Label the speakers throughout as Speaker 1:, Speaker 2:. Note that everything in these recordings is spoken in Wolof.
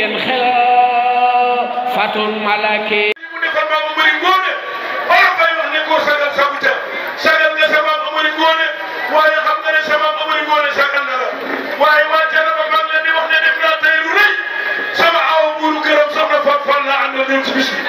Speaker 1: yen xela fatul malake mu defal maam Amari Ngoone wala koy wax ne ko sagal sa buta sagal nga sa maam Amari Ngoone waaye xam nga ne sa maam Amari Ngoone sagal na la waaye waa Thiénaba maa ngi leen di wax ne def naa tey lu rëy sama aw buuru këram soxna Fatou Fall laa àndal ñëw ci bis bi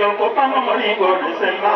Speaker 1: yo ko pano mori go disema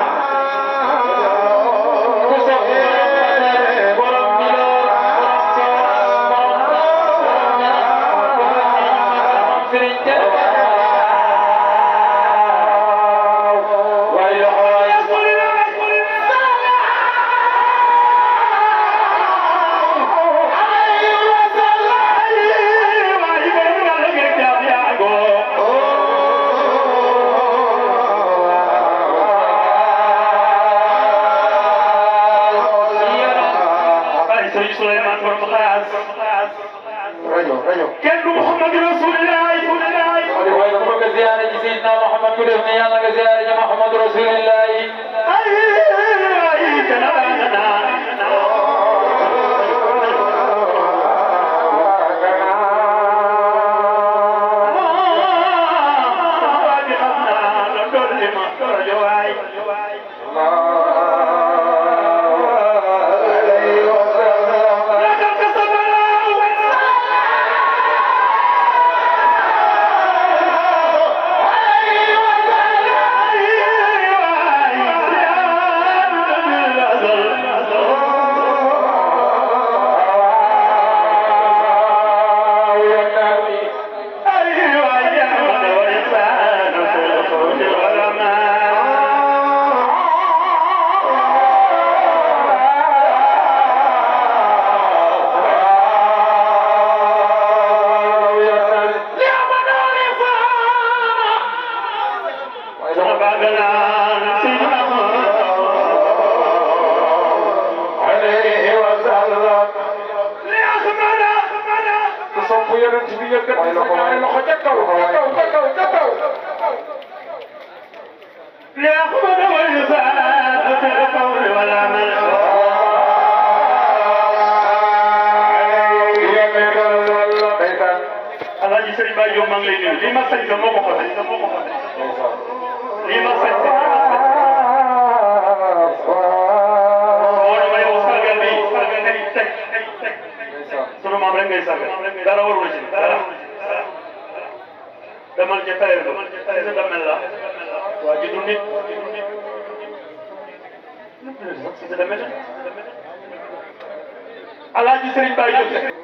Speaker 1: بهم يا غزال محمد رسول الله dara warul ci dara demal ca tailleur ba ci sa damel la waa ji du nit lépp lépp sax si dana mel. Alaaji Serigne Baye Diop.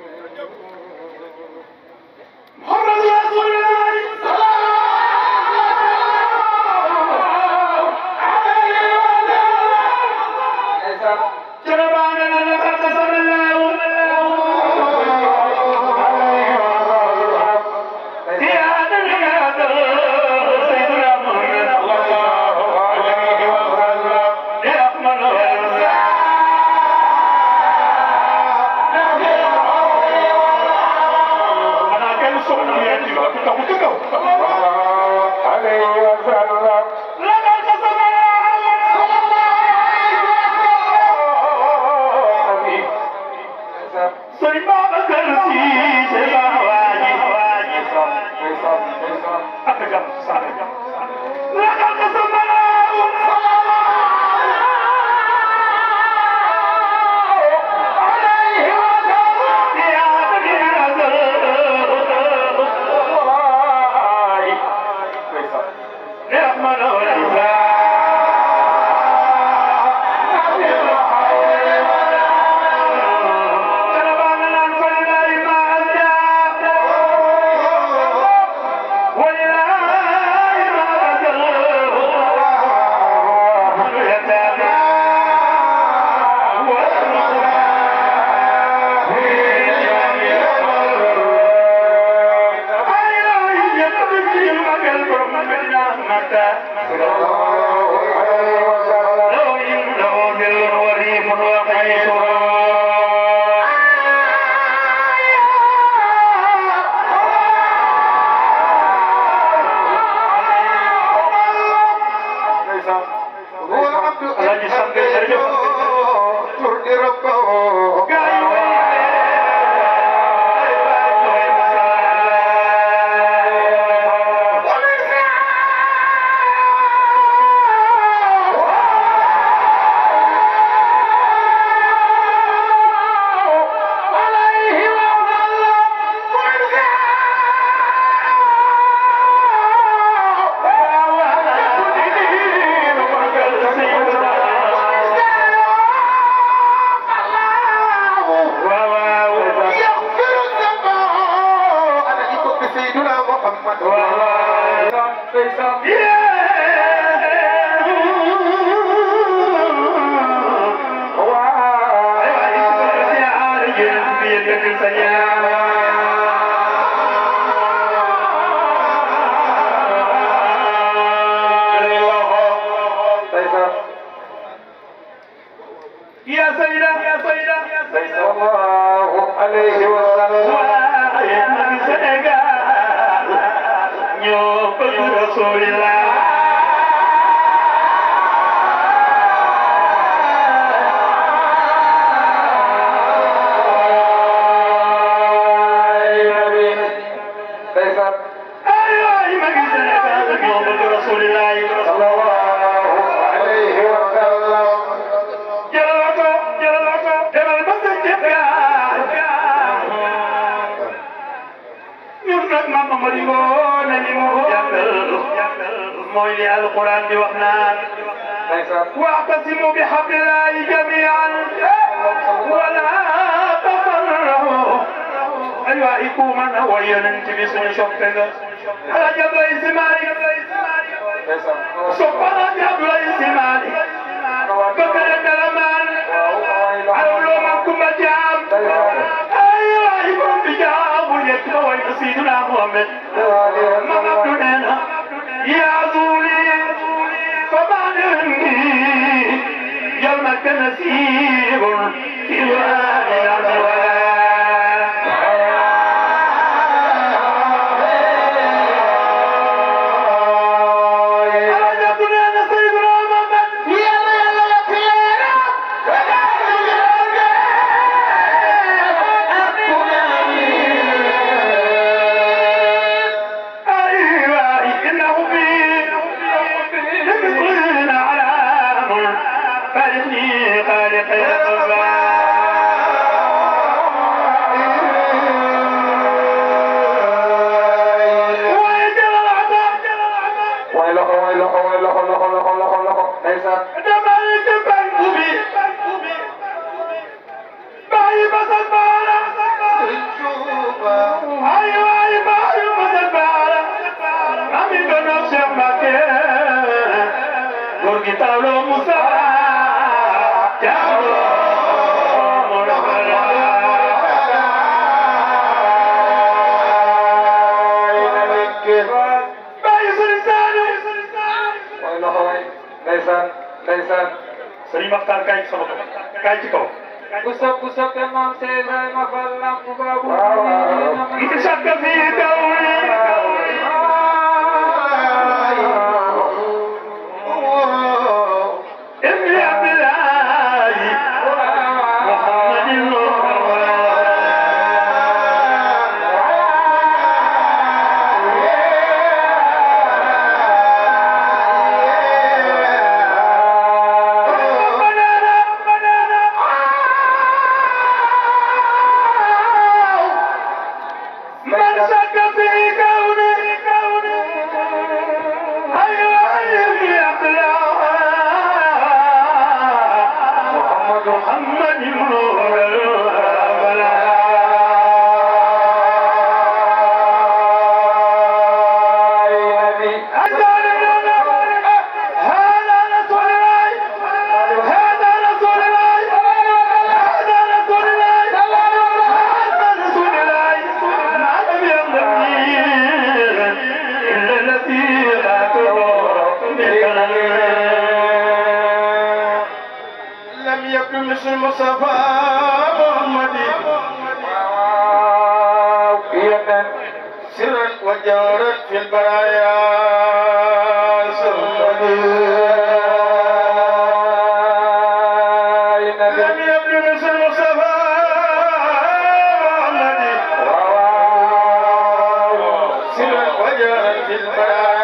Speaker 1: mooy yonent bi suñu soppe nga alaaji Abdoulaye Si Maalik sopp alaaji Abdoulaye Si Maalik ba pare dara maan alawloo ma kumba jaam ay waay moom bi jaamu yett ba way ko Seydina Muhammad الذين جل